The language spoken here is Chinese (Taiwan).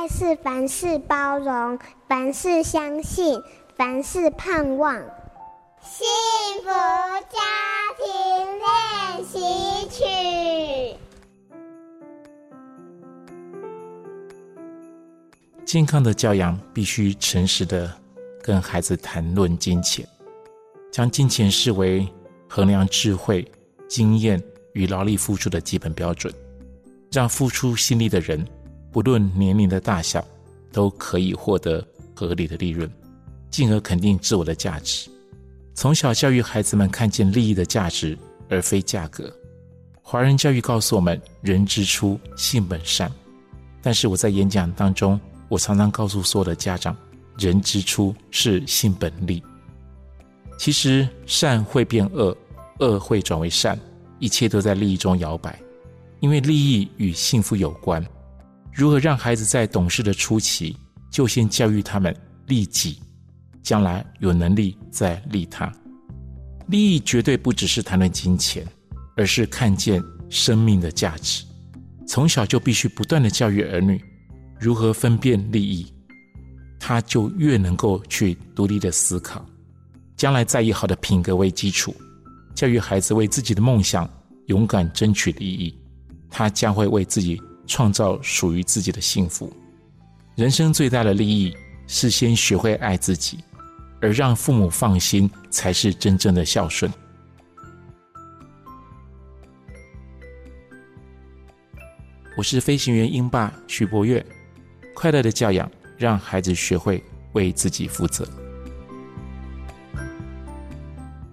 愛是凡事包容，凡事相信，凡事盼望。幸福家庭練習曲。健康的教養必須誠實地跟孩子談論金錢，將金錢視為衡量智慧、經驗與勞力付出的基本標準，讓付出心力的人，不論年齡的大小，都可以獲得合理的利潤，進而肯定自我的價值。從小教育孩子們看見利益的價值，而非價格。華人教育告訴我們，人之初性本善。但是我在演講當中，我常常告訴所有的家長，人之初是性本利。其實善會變惡，惡會轉為善，一切都在利益中搖擺，因為利益與幸福有關。如何讓孩子在懂事的初期就先教育他們利己，將來有能力再利他？利益絕對不只是談論金錢，而是看見生命的價值。從小就必須不斷的教育兒女如何分辨利益，他就越能夠去獨立的思考。將來再以好的品格為基礎，教育孩子為自己的夢想勇敢爭取利益，他將會為自己。創造屬於自己的幸福，人生最大的利益是先學會愛自己，而讓父母放心才是真正的孝順。我是飛行員鷹爸徐柏岳，快樂的教養，讓孩子學會為自己負責。